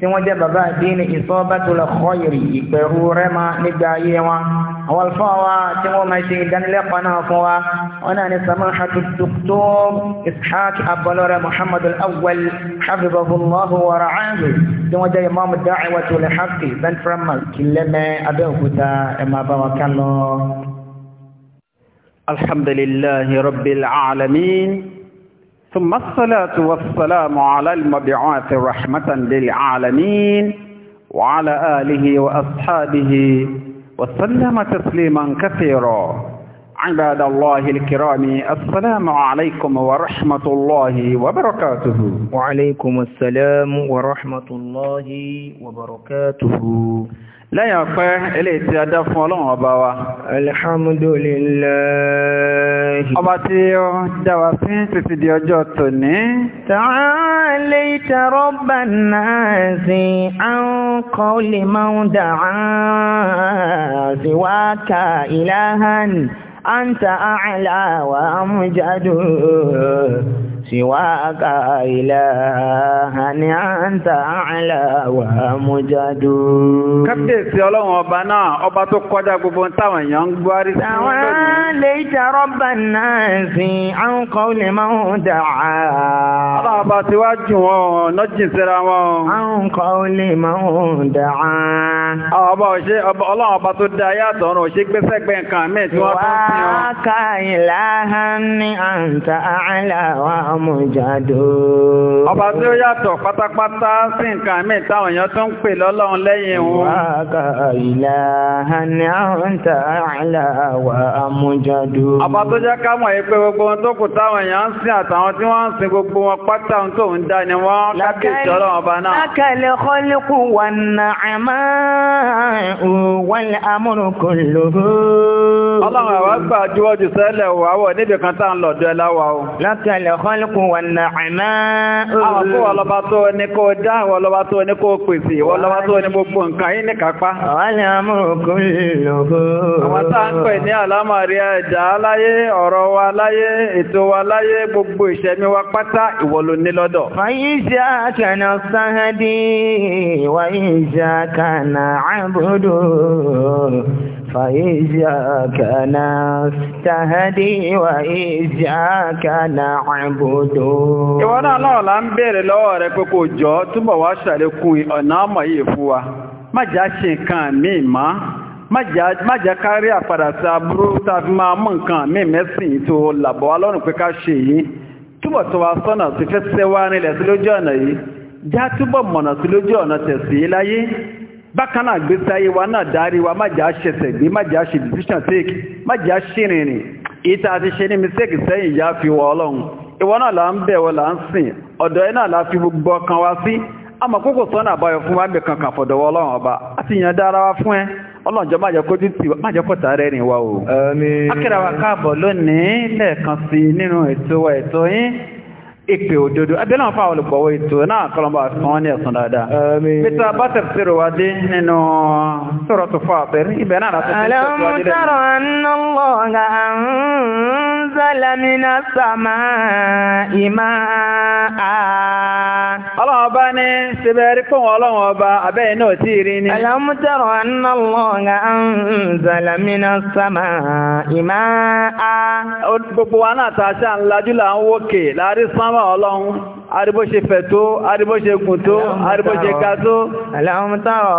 tí wọ́n jẹ́ bàbá àdínì ìsọ́bẹ́tòlẹ̀ kọ́yìrì ìpẹ̀rù rẹ́mà nígbà ayé wọn àwọn alfáà wa tí wọ́n máa ṣe ìdánilẹ́kọ̀ọ́ náà fún wa wọn náà ní samahatu dr ishaq abọlọrẹ muhammad al-awwal hafizahullahu wa ra'ahu tí wọ́n jẹ́ imam da'watul haqqi central mosque kìlẹ́mẹ́ abẹ́òkúta ẹ̀ máa bá wa kán lọ. rabbil alamin. ثم الصلاة والسلام على المبعوث رحمة للعالمين وعلى آله وأصحابه وسلم تسليما كثيرا عباد الله الكرام السلام عليكم ورحمة الله وبركاته وعليكم السلام ورحمة الله وبركاته lẹ́yìn ọpẹ́ eléyìí tí a dá fún ọlọ́run ọba wa alhamdulillahi ọba tí ó dá wa sí títí di ọjọ́ tòní ta'alaita rabban nasi an qawli man da'a siwaka ilahan anta a'la wa amjadu سواك إلها أنت أعلى ومجد kábíyèsí ọlọ́run ọba náà ọba tó kọjá gbogbo táwọn èèyàn ń gbárí sí wọn lónìí. àwọn lè jẹ́ rọ́bà náà sí àwọn kan lè máa ń dà á. ọlọ́run ọba ti wá jù wọn lọ́jìn síra wọn. àwọn kan lè máa ń dà á. ọba òṣè ọlọ́run ọba tó dá yàtọ̀ ọ̀run òṣè gbẹ́sẹ̀gbẹ́ nǹkan mẹ́ẹ̀ tí wọ́n tún sí wọn. wàá ká ìlàhán ní àǹtà àlàwà mujado. Ọba tí ó yàtọ̀ pátápátá sí nǹkan mí táwọn èèyàn tó ń pè lọ́lọ́run lẹ́yìn wọn. Wàgà ìlà àní àwọn tà àlà wà mujado. Ọba tó jẹ́ ká mọ̀ pé gbogbo wọn tó kù táwọn èèyàn ń sìn àtàwọn tí wọ́n ń sin gbogbo wọn pátá ohun tó ń dá ni wọ́n kákè ìjọ́rọ̀ ọba náà. Lákàlẹ̀ kọ́líkù wà nàámà wal amru kulluhu. Ọlọ́run àwa gbà ju ọjọ́ sẹ́lẹ̀ wà níbi kan tá lọ̀dọ̀ ẹ láwa o. Lákàlẹ̀ kọ́líkù kún wà nàìmá. àwọn kó ọlọ́ba tó ní kó dá àwọn ọlọ́ba tó ní kó pèsè ọlọ́ba tó ní gbogbo nǹkan yìí ní kápá. wàhálà amúròkú lòkó. àwọn tá à ń pè ní àlámọ̀rí ẹ̀dá láyé ọ̀rọ̀ wa láyé ètò wa láyé gbogbo ìṣẹ̀mí wa pátá ìwọ ní lọ́dọ̀. فإياك نستهدي وإياك نعبد wa náà náà la ń béèrè lọ́wọ́ rẹ pé kò jọ túbọ̀ wá ṣàlékún wa má jà ṣe nǹkan míì mọ́ má jà kárí àpàdà sí a fi máa mú nǹkan míì mẹ́sìn tó làbọ̀ wá lọ́rùn pé ká ṣe yìí túbọ̀ tó bákan náà gbèsè ayé wa náà darí wa má jẹ́ àṣẹsẹ̀ gbé má jẹ́ àṣẹ decision take má jẹ́ àṣìrìnrìn ìta àti ṣe ní mistake sẹ́yìn ìyá fi wọ ọlọ́run ìwọ náà là ń bẹ̀ wọ là ń sìn ọ̀dọ̀ ẹ náà fi gbogbo ọkàn wa sí àmọ́ kókò sọ́nà àbáyọ fún wa ọba wa fún ìpè òdodo abẹ́lẹ̀ wọn olùgbọ̀wọ́ ètò náà kọlọmbà fún wọn ní ẹ̀sùn dáadáa. peter abasef ṣe rò dé nínú sọ̀rọ̀ tó fọ́ àfẹ́rí ibẹ̀ náà láti fi ṣètò wá dé. àlọ́ ọ̀nà lọ́gà àǹzálàmínà sàmà ìmà á. ọlọ́run ọba ní sibẹ́rí fún wọn ọlọ́run ọba náà tí rí ni. àlọ́mùtẹ̀rọ̀ ọ̀nà lọ́gà àǹzálàmínà sàmà ìmà á. gbogbo wa náà ta ṣáà ńlájú là ń wókè láàrin sánmà náà ọlọ́run arìbó ṣe fẹ̀ tó arìbó ṣe gùn tó arìbó ṣe ká tó alam tara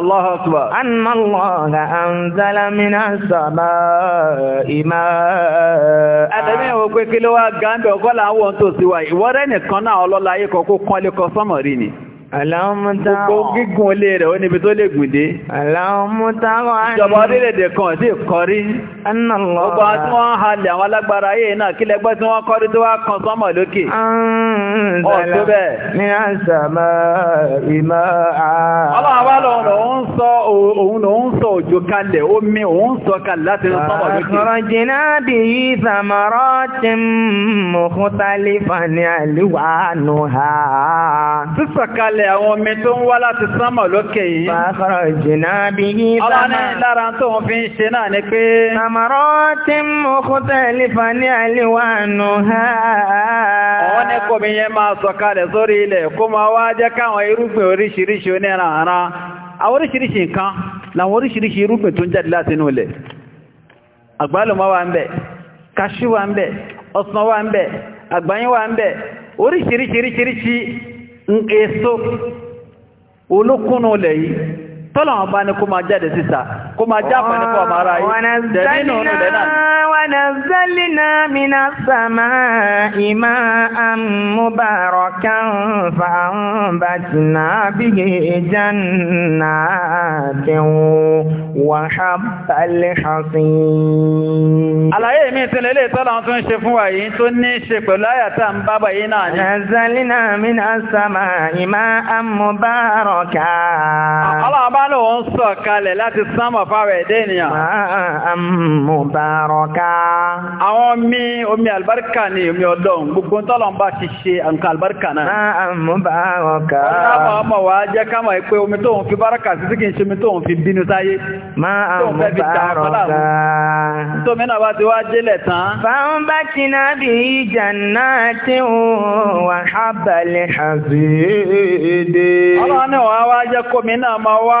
Allahu akbar anna Allaha anzala minas samaa'i ma'an àdẹ́mí ìwò pé kí ló wá gáńbẹ̀ ọgọ́là àwọn tó síwá ìwọ́rẹ́ nìkan náà ọlọ́lá ayé kọ̀kọ́ kọ́lé sọ́mọ̀rí ni Àláhùnmútàrọ̀. Gbogbo gígùn olé rẹ̀ ó níbi tó lè gùdé. Àláhùnmútàrọ̀ àìní. Ìjọba orílẹ̀-èdè kan sí kọrí. Annàlọ́. Ọba tí wọ́n halẹ̀ àwọn alágbára ayé náà kílẹ̀ gbọ́ tí wọ́n kọrí tó wá kan sọ́mọ̀ lókè. Ọ̀tọ́bẹ̀. Ní àṣàmà ìmọ̀ àà. Ọlọ́run bá lọ òun sọ òun lòun sọ òjò kalẹ̀ omi òun sọ kalẹ̀ láti sọ́mọ̀ lókè. Àkọ̀rọ̀jìnà bí i sàmọ̀rọ̀ ti mọ̀kútálífà ní àlúwà nù ha. Sísọ̀kalẹ̀ sọ̀kalẹ̀ àwọn omi tó ń wá láti sánmà lókè yìí. Fàákọ̀rọ̀ ìjìnà bí i sámà. Ọlá ní lára tó ń fi ń ṣe náà ni pé. Àmọ̀rọ̀ tí mo kó tẹ̀lé fa ní àlewànú ha. Àwọn ní kòmí yẹn máa sọ̀kalẹ̀ sórí ilẹ̀ kó máa wá jẹ́ káwọn irúgbìn oríṣiríṣi onírànra. Àwọn oríṣiríṣi nǹkan làwọn oríṣiríṣi irúgbìn tó ń jáde láti inú ilẹ̀. Àgbálùmọ́ wà ń bẹ̀, oríṣiríṣiríṣiríṣi ń èso olókúnnú lẹ̀ yìí tọ́lọ̀wọ̀n bá ní kó máa jáde síta kó máa jápa ní fọ́ àmàrà yìí dẹ̀nínú ọ̀nà dẹ̀nà wànàzálìnà mìíràn sàmà ìmá àmúbàrọ̀kan fàǹbàtìnà bíi ìjànà àdéhùn wàhábàlẹ̀ hasin. àlàyé mi ti lè lè tọ́lọ̀wọ̀n tó ń ṣe fún wa yìí tó ní ṣe pẹ̀lú àyàtà ń bábà yìí náà ni. wànàzálìnà mìíràn sàmà ìmá àmúbàrọ̀kan. ọlọ́ọ̀bá lòun sọ kalẹ̀ láti sánmọ̀ fáwẹ̀ ẹ̀dẹ́ ènìyàn. Mubaraka. Àwọn omi omi albarka ni omi ọlọ́run gbogbo tọ́lọ̀n bá ti ṣe nǹkan albarka náà. Mubaraka. Ọlọ́mọ ọmọ wa jẹ́ kámọ̀ pé omi tó ń fi báraka sí kí n ṣe omi tó ń fi bínú sáyé. Mubaraka. Tómi náà wá ti wá délẹ̀ tán. Fáwọn bá ti náà bí ìjànà tí wà hábàlẹ̀ àbí èdè. Ọlọ́run náà wá wá jẹ́ kómi náà máa wá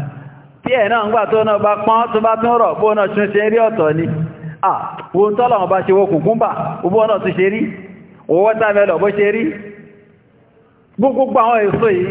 tí ẹ̀ náà ń gbà tó náà bá pán tó bá tún rọ̀ bó náà tún ṣe rí ọ̀tọ̀ ni à wo ń tọ́lọ̀ bá ṣe wo kùkúmbà bó náà tún ṣe rí owó tàbẹ̀lọ̀ bó ṣe rí gbogbo àwọn èso yìí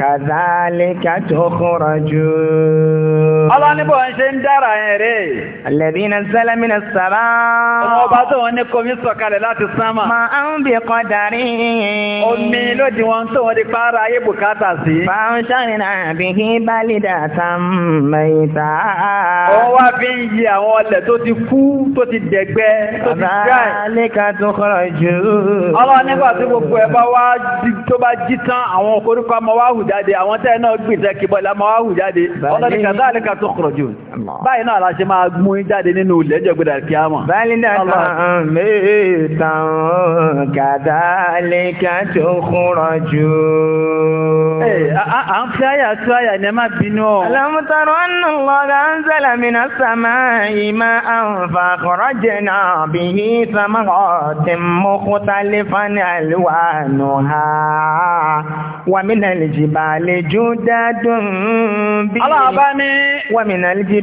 kàzálíkà tukhrajun. ọlọ́nibọ̀ ń ṣe ń dára ẹ̀ rẹ̀. alladhina nazala minas samaa. ọmọ ọba tó wọn ní komi sọ̀kalẹ̀ láti sánmà. mà á ń bi qadarin. omi ló di wọn tó wọn di pààrọ̀ ayé bùkátà sí. fàáṣánìlá bihi balidatan mayta. wọ́n wá fi ń yí àwọn ọlẹ̀ tó ti kú tó ti dẹ̀gbẹ́ tó jáde àwọn tẹ́ náà gbìtẹ́ kíbọ̀lá máa wá hù jáde ọlọ́dún kàtàlẹ́kà tó kọ̀rọ̀ jù báyìí náà la ṣe máa mú jáde nínú ilẹ̀jọ́ gbẹ̀dà kí a mọ̀. bálídà kan mẹ́tàn kàdálíkà tó kúrọ̀ ni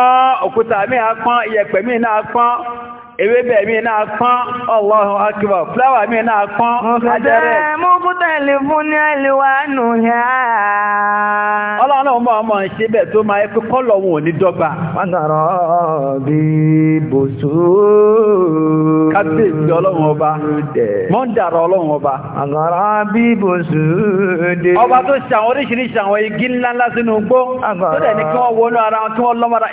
òkúta mi àpọ́n iyẹ̀pẹ̀ mi náà àpọ́n ewébẹ̀ mi náà pọ́n Allahu akbar fúláwà mi náà pọ́n ajẹ́rẹ́. mú bútẹ̀lì fún ní ẹlẹ́wà nù yá. ọlọ́run náà mọ̀ ọmọ ṣe bẹ́ẹ̀ tó máa kó kọ́lọ̀ wọn ò ní dọ́gba. wàtàrọ̀ bí bòṣó. kábíyèsí ọlọ́run ọba mọ́ ń dàrọ̀ ọlọ́run ọba. àgọ́rọ̀ bí bòṣó. ọba tó ṣe àwọn oríṣiríṣi àwọn igi ńláńlá sínú igbó. tó dẹ̀ ní kí wọ́n wọnú ara wọn kí wọ́n lọ́mọ́ra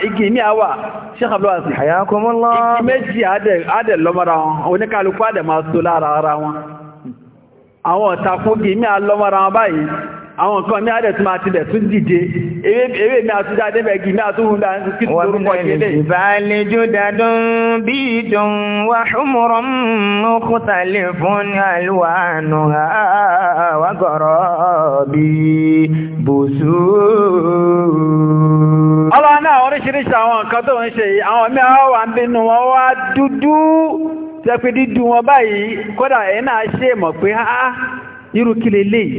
adẹ̀ lọ́mọ́ra wọn oníkàlùkù adẹ̀ máa so lára ara wọn àwọn ọ̀tàkùn kìí mí alọ́mọ́ra wọn báyìí àwọn nǹkan ní àdẹ̀ tí máa ti dẹ̀ tún dìde eré mi àtúndà débẹ̀gì mi àtúndà kí tó lórúkọ ìdílé. ìbálẹ̀ dúdú tẹ́pẹ́ dídú wọn báyìí kódà ẹ̀ náà ṣe mọ̀ pé irú kí lélẹ́yìí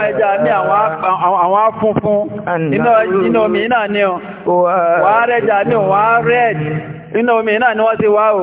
àwọn ẹja ní àwọn afúnfún nínú omi náà ní ọ wà rẹja ní wà rẹ́ẹ̀dì nínú omi náà ni wọ́n ti wá o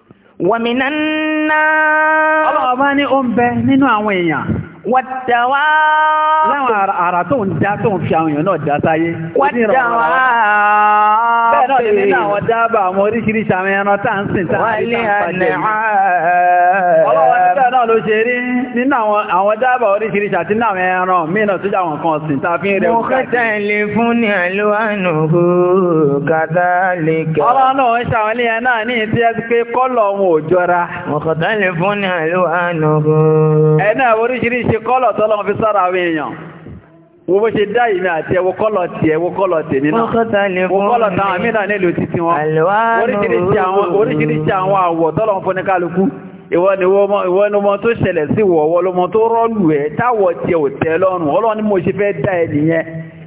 wọ̀mìnà náà. ọlọ́wọ́ ní ó ń bẹ nínú àwọn èèyàn. wàtàwá. láwọn àrà tó ń dá tó ń fi àwọn èèyàn náà dá sáyé. wàtàwá. bẹ́ẹ̀ náà lè nínú àwọn dábàá náà ló ṣe rí nínú àwọn dábà oríṣiríṣi àti náà ẹran mìíràn tó jáwọn kan sìn ta fi ń rẹ̀ òkú kẹta ilé fún ní àlúwànù kàdálíkà ọlọ́run náà ṣàwọn ilé náà ní ìtí ẹ́ ti pé kọ́lọ̀ wọn ò jọra òkúta ilé fún ní àlúwànù ẹ̀nà oríṣiríṣi wo ṣe dá ìmẹ́ àti ẹwọ kọ́lọ̀ tí ẹwọ kọ́lọ̀ tèmi náà kọ́lọ̀ táwọn mìíràn nílùú títí wọn oríṣiríṣi àwọn àwọ̀ tọ́lọ́run fún ní kálukú ìwọ ni wọ́n tó ṣẹlẹ̀ sí wọ̀wọ́ lọ́mọ tó rọ́lù ẹ̀ táwọ̀ tí ò tẹ́ lọ́rùn ọlọ́run ni mo ṣe fẹ́ dá ẹ nìyẹn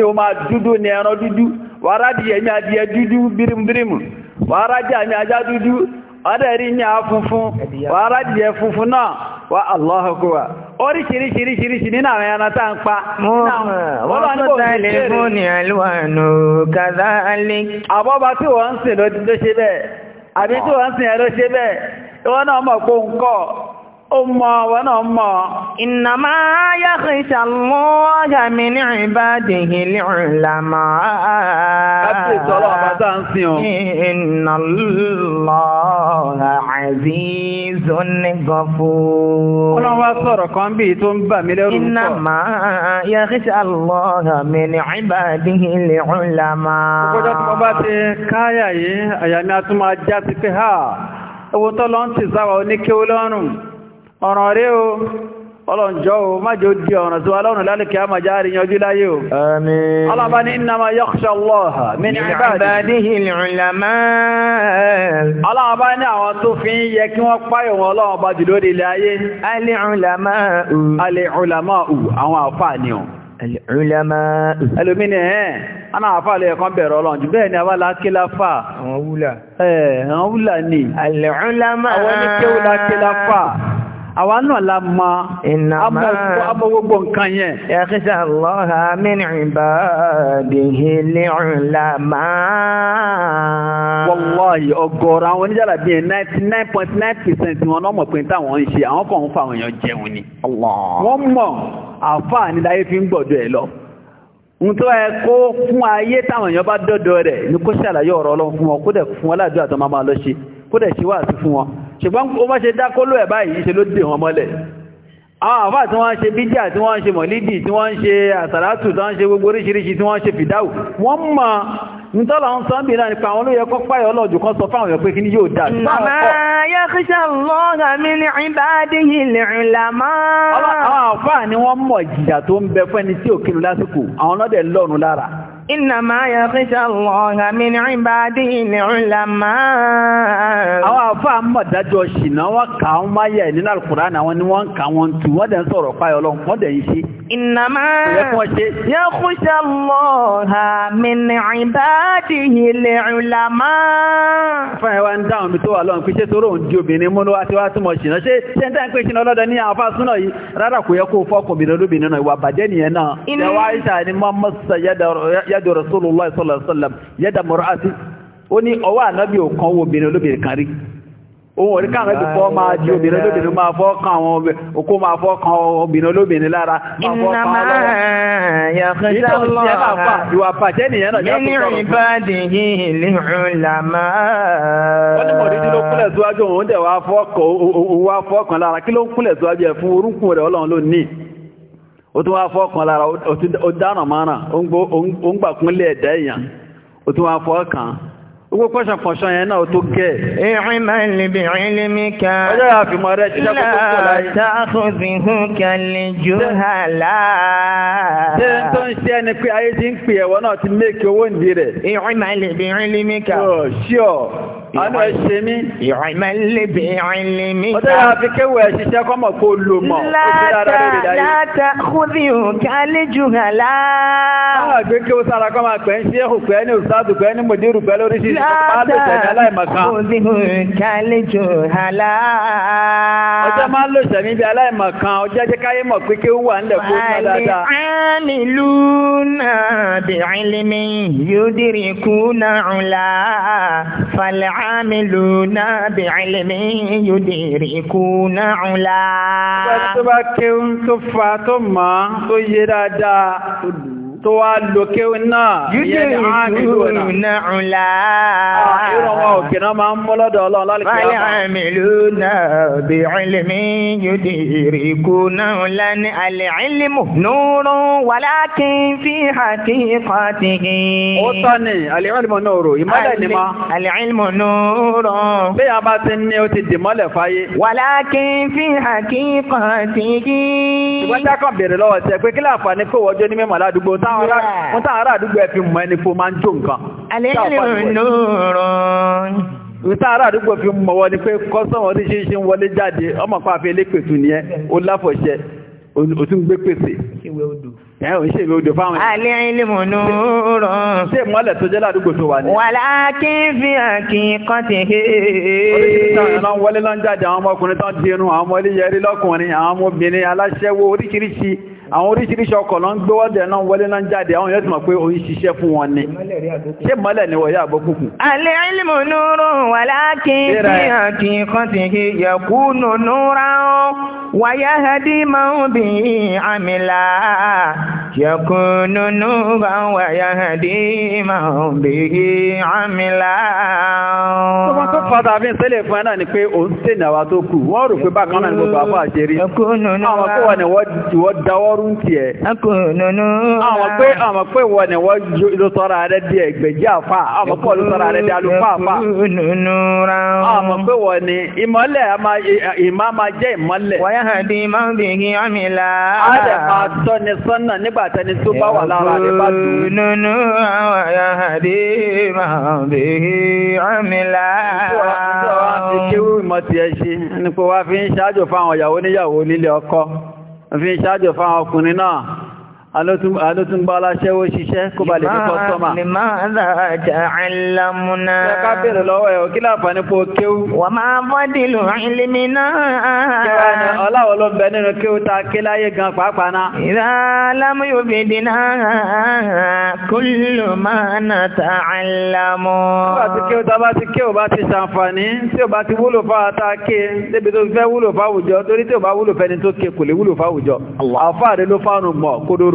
mi o ma dúdú ní ẹran dúdú wàrádìí ẹ̀mí adìẹ dúdú bírímù wàrádìí àmì ajá dudu, ọdẹ̀rí ní a funfun wàrádìí ẹ funfun náà wà aláhùkúwà oríṣiríṣiríṣiríṣi nínú àwọn ẹran tá ń pa. wọ́n tó tẹ̀lé fún ní àlùwànù ọmọ wọn náà mọ̀. Innama yakhsha Allaha min ibadihil ulama. Láti ìtọ́lọ̀ àbátá ń sin o. Inna Allaha azizun ghafur. Wọ́n wá sọ̀rọ̀ kan bí tó ń bà mí lẹ́rù pọ̀. Innama yakhsha Allaha min ibadihil ulama. Gbogbo tó bá ti káyà yìí, àyàmí a tún máa já sí pé ha, ewu tó lọ́n ti sáwà oníkéwú lọ́rùn ọ̀ràn rí o ọlọ́njọ́ o májò di ọ̀ràn tí wà lọ́rùn lálẹ́kẹ́ a máa jáàrí yanjú láyé o. àmín. ọlọ́bá ní innama yakhsha Allah min ibadihi al-ulama. ọlọ́bá ní àwọn tó fi ń yẹ kí wọ́n páyọ̀ wọn ọlọ́wọ́n bá jù lórí ilẹ̀ ayé. al-ulama. al-ulama àwọn àfáà ni o. ana àfáà lè kan bẹ̀rẹ̀ ọlọ́run bẹ́ẹ̀ ni a bá lákílá fà. àwọn wúlà. ẹ̀ àwọn wúlà ni. al-ulama. àwọn oníkéwù lákílá fà àwa náà la mọ àmọ́ gbogbo nǹkan yẹn. yakhsha Allaha min ibadihi al-ulama. wallahi ọ̀gọ̀rọ̀ àwọn oníjàlá bíi ninety nine point nine percent wọn náà mọ̀ pé táwọn ń ṣe àwọn kan ń fa jẹun ni. wọ́n mọ̀ ẹ kó fún ayé táwọn èèyàn bá dọ́dọ̀ rẹ̀ ní kó ṣàlàyé ọ̀rọ̀ ọlọ́run fún wọn kó dẹ̀ fún wọn ládùúgbò àtọ́ máa lọ ṣe kó dẹ̀ ṣe wáàsí fún wọn ṣùgbọ́n o mọ́ ṣe dákóló ẹ̀ báyìí ṣe ló dè wọn mọ́lẹ̀ àwọn àfáà tí wọ́n ń ṣe bídíà tí wọ́n ń ṣe mọ̀lídì tí wọ́n ń ṣe àsàlátù tí wọ́n ń ṣe gbogbo oríṣiríṣi tí wọ́n ń ṣe fìdáù wọ́n mọ̀ nítọ́lá ń sọ ń bèèrè nípa àwọn olóyẹ kọ́ páyọ̀ ọlọ́jù kan sọ fáwọn ẹ̀pẹ́ kí ní yóò dáa Innama yakhsha Allaha min Innama yakhsha Allaha min ibadihi al-ulama. Àwọn àfáà mọ̀ ṣìnà wọ́n kà á máa yẹ nínú Al-Qur'an àwọn ni wọ́n kà wọ́n tu wọ́n dẹ̀ ń sọ̀rọ̀ páyọ̀ Ọlọ́run wọ́n dẹ̀ ń ṣe. Innama yakhsha Allaha min ibadihi al-ulama. Fáyẹ̀ wá ń dáhùn mi tó wà lọ́run pé ṣé torí di obìnrin múnú wá tí wá túmọ̀ ṣìnà ṣé ṣé ń dáhùn pé ọlọ́dọ̀ ní àwọn àfáà yìí rárá kò yẹ kó fọ́kùnrin lóbìnrin náà ìwà bàjẹ́ nìyẹn náà. Ìnáwó àìsàn ni mọ́ mọ́ sọ yẹ yadu rasulullah sallallahu alaihi wasallam yada mur'ati ó ní ọwọ́ ànábì ò kan owó obìnrin olóbìnrin kan rí ohun orí káwọn ẹbí fọ́ máa di obìnrin olóbìnrin máa fọ́ kan àwọn okó máa fọ́ kan obìnrin olóbìnrin lára máa fọ́ kan lọ́wọ́ ìyá àfà ìwà pàtẹ́ nìyẹn náà jákòó sọ̀rọ̀ nínú ìbáàdì yìí lìrùlámà. wọ́n ní mọ̀lídì ló kúnlẹ̀ síwájú òun dẹ̀ wá fọ́ kan lára kí ló ń kúnlẹ̀ síwájú ẹ̀ fún orúnkún rẹ̀ ọlọ́run ló ó tún wá fọ́kàn lára ó dánà márùn-ún ó ń gbà kúnlẹ̀ ẹ̀dá èèyàn ó tún wá fọ́kàn Owó pẹ́ṣàn fọ̀ṣàn yẹn náà tó gẹ́. Ìrìn máa ń lè bèèrè lè mí ká. Ọjọ́ yà fi mọ̀ rẹ̀ ti jẹ́ kókó kọ̀ láyé. Látàkùnfin hùn kan lè jù hàlá. Ṣé n tó ń ṣe ẹni pé ayé ti ń pè ẹ̀wọ̀n náà ti méèkì owó ń di rẹ̀? Ìrìn máa ń lè bèèrè lè mí ká. Ṣọ́ àánú ẹ ṣe mí. Ìrìn ah, máa ń lè bèèrè lè mí ká. Ọjọ́ yà fi kéwò ẹ̀ ṣiṣẹ́ kọ́ Ọjọ́ máa ń lò ìṣẹ̀mí bí aláìmọ̀kan, ọjọ́ jẹ́ káyé mọ̀ pé kí ó wà nílẹ̀ kó ní dáadáa. Àlè ìlú náà bí ìlímí yóò dìrì kú náà ńlá. Fàlẹ̀ àmì ìlú náà bí ìlímí yóò dìrì kú náà ńlá. Tó bá kéwú tó fa tó mọ̀ tó yé dáadáa tó wá lókè náà yẹ́ ni àmì lónà ọ̀la ah, ìrọ̀wọ̀ òkè náà máa ń mọ́lọ́dọ̀ ọlọ́run lálẹ́kẹ̀ẹ́ wọ́n àmì lónà bí ilmi yóò ríkú náà lánì alẹ́ ilmu nùrù walakin fi haqiqatihi ó tọ́ ni a bá ti ní o ti dìmọ́lẹ̀ fáyé walakin fi haqiqatihi ìwọ́n jákàn bèrè lọ́wọ́ tẹ pé kí láǹfààní kó wọ́jọ́ ní mẹ́mọ̀ ládùúgbò tá wọ́n táwọn ará àdúgbò ẹ̀fí mọ̀ ẹni fó máa ń jó nǹkan. Ìtàrà àdúgbò fi mọ̀ wọ́n ni pé ẹ́, ó láfọ̀ṣẹ́, Ìwé odò ẹ̀hùn ṣe ìwé odò fáwọn alẹ́ ilmù nùúrọ̀ mọ́lẹ̀ tó jẹ́ ládùúgbò tó wà ní wà láàkí fi àkí kan ti hé oríṣìíríṣìí wọlé lọ́njáde àwọn ọmọkùnrin tán àwọn oríṣiríṣi ọkọ̀ lọ ń gbé wọ́dẹ̀ náà wọlé náà jáde àwọn yóò ti mọ̀ pé o ṣiṣẹ́ fún wọn ni ṣé mọ́lẹ̀ ni wọ̀nyá àbókùnkù. alẹ́ ilmu nuru walakin fi haqiqatihi yakunu nuran wa yahdi man bihi amila. يكون نورا ويهدي من به عملا Ọmọ tó fàdà bí sílẹ̀ fún ẹ̀nà ni pé ó ń sè ní àwa tó kù, wọ́n rò pé bákan náà ni gbogbo àbọ̀ àṣírí. Àwọn pé wọ́n ni wọ́n dáwọ́rú ń tiẹ̀. Àwọn pé wọ́n ni wọ́n ló sọ́ra rẹ̀ di ẹgbẹ̀jẹ́ àfà, àwọn pọ̀ ló sọ́ra rẹ̀ di alùpàá àfà. Àwọn pé wọ́n ni ìmọ́lẹ̀ ìmá máa jẹ́ ìmọ́lẹ̀. Wọ́n yá tẹni tó bá wà lára rẹ̀ bá dùn. nínú àwọn àyà àdé máa bèèrè àmìlá. ìjọba ti kéwù ìmọ̀ tiẹ̀ ṣe nípa wá fi ń ṣáájò fáwọn ìyàwó níyàwó nílé ọkọ fi ń ṣáájò fáwọn ọkùnrin náà alótúngbà aláṣẹ́wó ṣiṣẹ́ kó bá lè fi kọ́sọ́mà. Ìmáàdà ja'allamuna. Ṣẹ́ká bèèrè lọ́wọ́ ẹ̀ òkí láàfàní pò kéwú. Wà máa fọ́dìlù ìlìmí náà. Kẹwàá ni ọláwọ̀ ló bẹ nínú kéwú ta ké láyé gan pàápàá náà. Ìrà lámúyòbìdìnà kullu máa nà ta'allamu. Nígbà tí kéwú ta bá ti kéwú bá ti ṣàǹfààní tí ò bá ti wúlò fáwa ta ké débi tó fẹ́ wúlò fáwùjọ torí tí ò bá wúlò fẹ́ni tó ké kò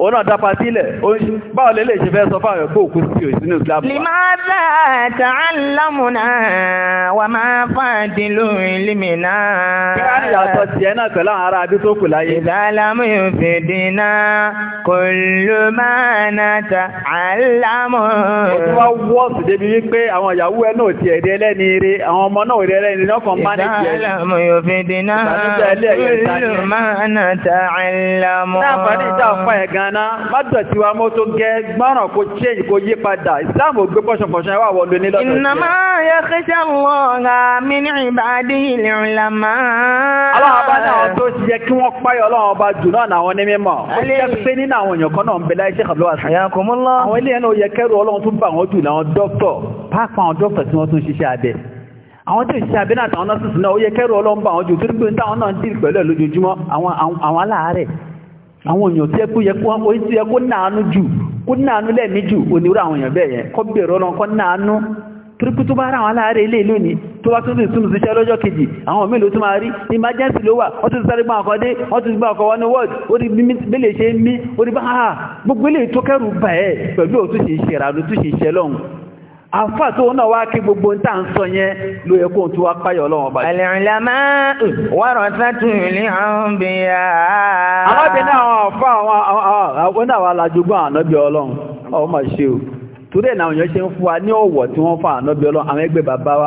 òun náà dápa sílẹ̀ báwo lè lè ṣe fẹ́ sọ fáwọn ẹ̀kọ́ òkú sí òsínú islam. limadha ta'allamuna wa ma fadilu ilmina. kí á náà pẹ̀lú àwọn ará abí nana má dọ̀tí wa mọ́ tó gẹ́ gbọ́nà kó change kó yí padà islam ò gbé pọ̀ṣọ̀pọ̀ṣọ̀ ẹwà wọ́n lóní lọ́dọ̀ innama yakhsha Allaha min ibadihil ulama. na bá ní àwọn tó ṣe kí wọ́n páyọ̀ ọlọ́wọ́ bá jù náà náà wọ́n ní mímọ̀ ó ṣe pé nínú àwọn èèyàn kan náà ń bẹ láì ṣe kàbílọ́ àṣàyàkùnmọ́lá àwọn ilé ẹ̀nà òye kẹrù ọlọ́run tún bà wọ́n jù láwọn dókítọ̀ pàápàá àwọn dókítọ̀ tí wọ́n tún ṣiṣẹ́ abẹ àwọn tí ìṣẹ́ abẹ́ náà tàwọn náà sísun náà ó yẹ kẹ́rù ọlọ́run bá jù tó ń gbé táwọn náà ń dìrì pẹ̀lú ẹ̀ lójoojúmọ́ àwọn aláàárẹ̀ àwọn èèyàn tí ẹkú yẹ kó orí tí ẹkú náànú jù kó náànú lẹ́ẹ̀mí jù onírú àwọn èèyàn bẹ́ẹ̀ yẹn kọ́ bẹ̀rọ ọ̀nà kọ́ náànú torípé tó bá rà wọn láàárẹ̀ ilé lónìí tó bá tún sì tún síṣẹ́ lọ́jọ́ kejì àwọn mélòó tó máa rí emergency ló wà wọ́n tún sáré gbọ́n àkọ́dé wọ́n tún gbọ́n àkọ́wọ́ ní ward orí bílẹ̀ ṣe ń mí orí bá gbogbo ilé tó kẹrù bà pẹ̀lú òtúnṣe ìṣẹ̀rànú túnṣe ìṣẹ̀lọ́hùn àfà tó náà wá kí gbogbo nta tàà ń sọ yẹn ló yẹ kó tó wá páyọ̀ lọ́wọ́ báyìí. al-ulama warasatul anbiya. alábìnrin àwọn àfà àwọn náà ṣe wọ́n fún àwọn ẹgbẹ́ bàbá wa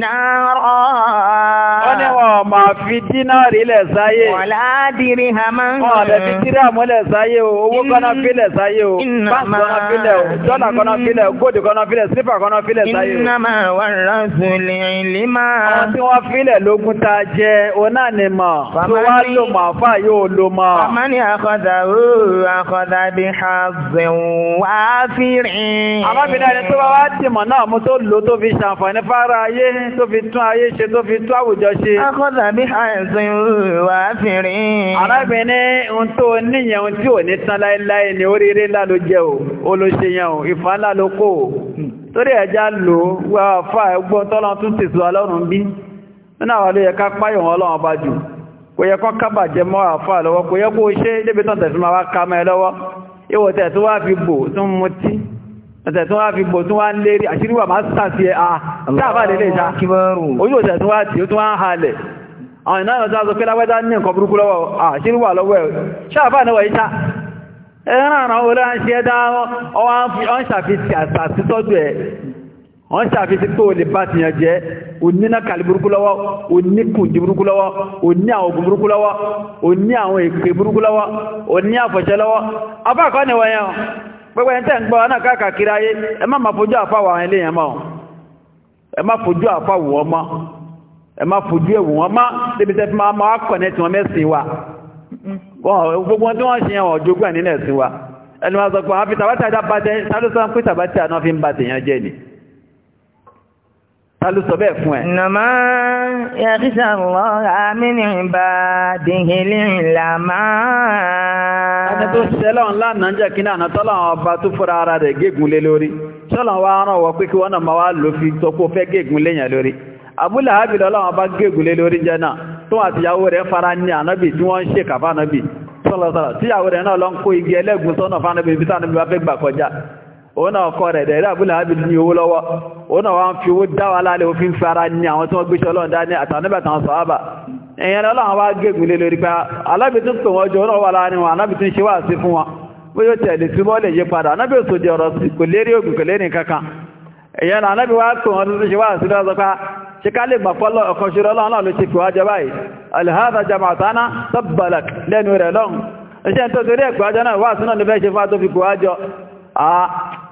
náírà. Wọ́n ní wọn ò máa fi dínárì lẹ̀ sáyé. Wọ̀lá dìrì hàmá. Wọ́n ọ̀dẹ̀ fi dírà mú lẹ̀ sáyé o, owó kọ́nà filẹ̀ sáyé o, báńkì kọ́nà filẹ̀ o, dọ́là kọ́nà filẹ̀ o, góòdì kọ́nà filẹ̀, sípà kọ́nà filẹ̀ sáyé o. Iná máa wà rásùlẹ̀ ìlí máa. Wọ́n tí wọ́n filẹ̀ lógún ta jẹ, òun náà ni mọ̀, tó wá lò mọ̀ fà yóò lò mọ̀. Àmọ́ni àkọ́dà ó àkọ́dà bí hazẹ̀ wá fìrìn. Àmọ́bìnrin ẹni tó bá wá dìmọ̀ náà mú tó lò tó fi ṣàǹfààní fáráyé tó fi tún ayé ṣe tó fi tún àwùjọ ṣe. akọ́dà bí àìsàn ìwà fìrín. arábìnrin ohun tó níyẹn tí ò ní tán láéláé ni oríire ńlá ló jẹ o ó ló ṣe yẹn o ìfà ńlá ló kó o torí ẹja lò ó wá fà ẹgbọ́n tọ́lọ́ tún tètè ọlọ́run bí nínú àwọn ló yẹ ká páyọ̀ wọn ọlọ́run ọba jù kò yẹ kán kábàjẹ́ mọ́ àfà lọ́wọ́ kò yẹ kó ṣe débi tán tẹ̀sí máa wá ká mọ́ lọ́wọ́ ìwọ̀tẹ̀ tó wá fi bò tún mutí ẹ̀sẹ̀ tó wá fi bò tó ah, wá ń lérí àṣíríwà máa sàtí ẹ̀ ẹ̀ ṣáàbà níwọ̀ wọ́n ṣàfihàn àṣà tó lè bá jẹ́ òní náà kàlì burúkú lọ́wọ́ òní burúkú lọ́wọ́ òní àwọn ogun burúkú lọ́wọ́ òní àwọn burúkú lọ́wọ́ òní àfọ̀ṣẹ́ lọ́wọ́ pẹ́pẹ́ ẹ̀ntẹ́ ń gbọ́ náà káàkiri ayé ẹ má ma fojú àfáwọ̀ àwọn eléyàn mọ́ ẹ má fojú àfáwọ̀ ọmọ ẹ má fojú ẹ̀wù wọn má débi tẹ́ fi máa máa kọ̀nẹ́ tí wọ́n mẹ́sìn wa gbogbo tí wọ́n ṣe ẹ̀wọ̀n ojógún ẹ̀ nínú ẹ̀sìn wa ẹni wọ́n sọ pé àwọn fi tàbátà Tàlú sọ bẹ́ẹ̀ fún ẹ. Nàmá yàrísà lọ́ra mínú ìbá dìhìlì ìlàmá. Ẹni tó ṣẹlẹ̀ ọ̀nà lánàá jẹ́ kí náà tọ́lọ̀ ọba tó fọ́ra ara rẹ̀ gégùn lé lórí. Ṣọ́lọ̀ wa rán wọ pé kí wọ́n náà máa wá lò fi tọ́kọ́ fẹ́ gégùn léyàn lórí. Àbúlà ábìlẹ̀ ọlọ́run bá gégùn lé lórí jẹ́ náà tó àtìyàwó rẹ̀ fara ní ànábì tí wọ́n ń ṣe kàfánàbì. Sọ́lọ́sọ́lọ́ tíyàwó rẹ̀ náà lọ ń kó igi ẹlẹ́gùn sọ́nà fánàbì ibi tánàbì wá fẹ́ gbà kọjá òun náà kọ́ rẹ̀ dẹ̀rẹ́ àbúlé àbí ní owó lọ́wọ́ òun náà wọ́n fi owó dáwà láàrin òfin fara ní àwọn tí wọ́n gbé ṣọ́lọ́ dání àtànẹ́bẹ̀tàn sọ́ábà èèyàn lọ́lọ́wọ́n wá gégùn lé lórí pé alábìtún pè wọ́n jọ òun náà wà láàrin wọn alábìtún ṣe wà sí fún wọn bó yóò tẹ̀lé sí bọ́ lè yí padà anábì òsòdì ọ̀rọ̀ kò lérí ògùn kò lérí kankan èèyàn náà anábì wá pè wọ́n tuntun ṣe wà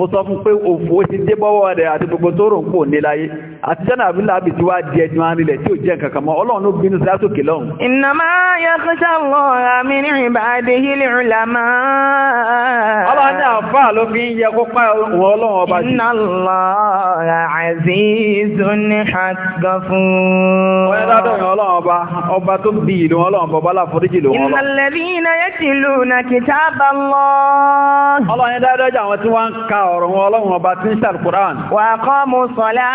mo sọ fún pé òfò ti dé bọ́wọ́ rẹ̀ àti gbogbo tó rùn pò níláyé àti jẹ́nà àbíláàbì tí wá di ẹjọ́ arinlẹ̀ tí ò jẹ́ kankan mọ́ ọlọ́run ló bínú sílá sókè lọ́hùn. innama yakhsha Allaha min ibadihil ulama. ọlọ́run ní àfáà ló fi ń yẹ kó pa ọlọ́run ọba jù. inna Allaha azizun haqqafun. wọ́n yẹ ládùn ọlọ́run ọba ọ̀rọ̀ wọn ọlọ́run ọba tí ń ṣàlùkùrán. wà á kọ́ mu sọ̀lá.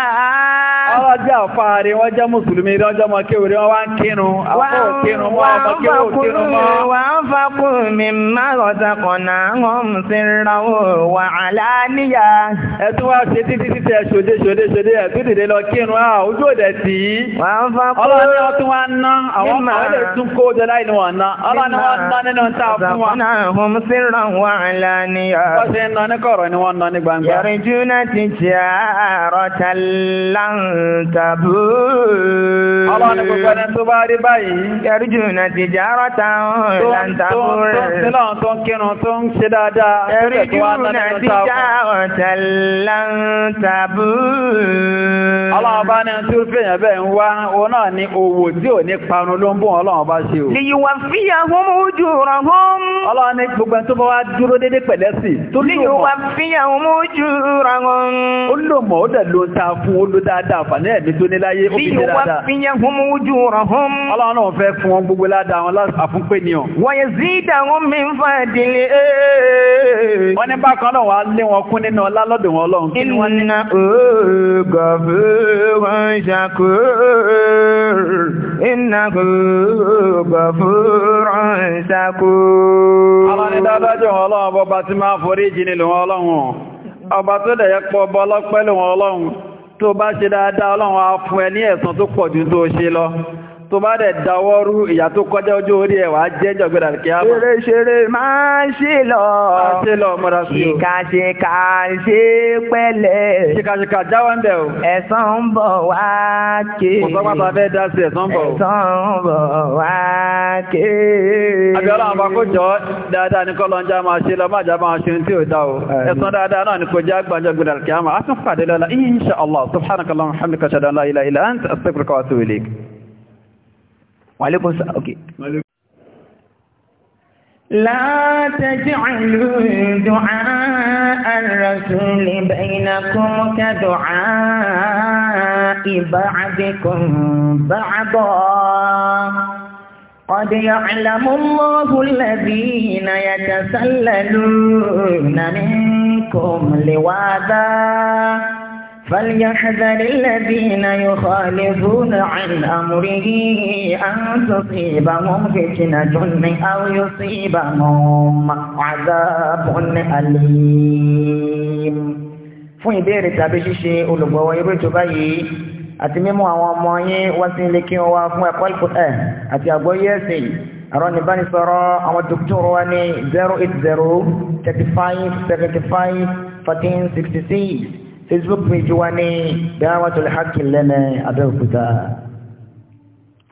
ọlọ́ jẹ́ àfáàrí wọ́n jẹ́ mùsùlùmí ọjọ́ mọ kéwèrè wọ́n wá ń kírun àpò òkírun mọ́ ọmọ kéwò kírun mọ́. wà á fà kú mi má lọ́sà kọ̀nà ń sin ra o wà á láníyà. ẹ tún wá ṣe títí títí ẹ ṣòde ṣòde ṣòde ẹ tún dìde lọ kírun á ojú òde tì í. wà á fà kú ọlọ́ni wọn tún wá ná àwọn ọ̀rẹ́ tún kó jọ láì ní wọn ná ọlọ́ni wọn ná nínú ta fún wa. ọ̀sán náà ń sin ra wà á láníyà. wọ́n ṣe ń ná ní kọ̀rọ̀ ni wọ́n ná lọ ní gbangba. Yarjuna tijaratan lan tabur. Ọlọ́run gbogbo ẹni tó bá rí báyìí. Yarjuna tijaratan lan tabur. Tó ń ṣe dáadáa. Yarjuna Ọlọ́run bá owó tí ò ní parun ló ń bùn ọlọ́run bá ṣe o. Liyuwaffiyahum ujurahum. Ọlọ́run ní gbogbo ẹni tó bá wá dúró déédéé pẹ̀lẹ́sì. Liyuwaffiyahum أجورهم olùmọ̀ ó dẹ̀ ló ń ta fún olú dáadáa fàní ẹ̀mí tó ní láyé ó fi ní dáadáa. bí wọ́n fi yẹn ujurahum. ọlọ́run náà fẹ́ fún wọn gbogbo ládàá wọn àfúnpé ni ọ. wa yazidahum min fadlihi. wọ́n ní bákan náà wàá lé wọn kún nínú ọlá lọ́dọ̀ wọn ọlọ́run. innahu ghafurun shakur. innahu ghafurun shakur. ọlọ́run dáadáa jẹ́ wọn ọlọ́run bá ti máa forí jì nílùú wọn ọba tó dẹ̀ yẹ pọ̀ bọ́ lọ́pẹ́lú wọn ọlọ́run tó bá ṣe dáadáa ọlọ́run á fún ẹ ní ẹ̀san tó pọ̀ ju tó ṣe lọ tó bá dẹ̀ dáwọ́rú ìyà tó kọjá ojú orí ẹ̀wà jẹ́jọ́ gbẹ̀rẹ̀ kí á mọ̀. ṣeré máa ń ṣe lọ. máa ṣe lọ mọ́ra sí o. ṣìkàṣìkà ṣe pẹ̀lẹ́. ṣìkàṣìkà jáwọ́ ń bẹ̀ o. ẹ̀san ń bọ̀ wá ké. kò sọ́gbà tá a fẹ́ dá sí ẹ̀san ń bọ̀ o. ẹ̀san ń bọ̀ wá ké. abiola àwọn bá kó jọ dáadáa ní kọ́lọ́ njá máa ṣe lọ májà máa ṣe tí ò hamdika shada la illa anta astaghfiruka wa وعليكم السلام اوكي لا تجعلوا دعاء الرسول بينكم كدعاء بعضكم بعضا قد يعلم الله الذين يتسللون منكم لواذا فليحذر الذين يخالفون عن أمره أن تصيبهم فتنة أو يصيبهم عذاب أليم fún ìbéèrè tàbí ṣíṣe olùgbọ̀wọ́ irú ètò báyìí àti mímú àwọn ọmọ yín wá sí ilé kí wọ́n wá fún ẹ̀kọ́ ìpòtẹ́ àti àgbọ́yé ẹ̀sìn ẹ̀rọ ìbánisọ̀rọ̀ àwọn dókítọ̀rọ̀ wa ní 080 35 75 14 66 facebook page wa ní Da'watul Haqqi lẹ́nà Abẹ́òkúta.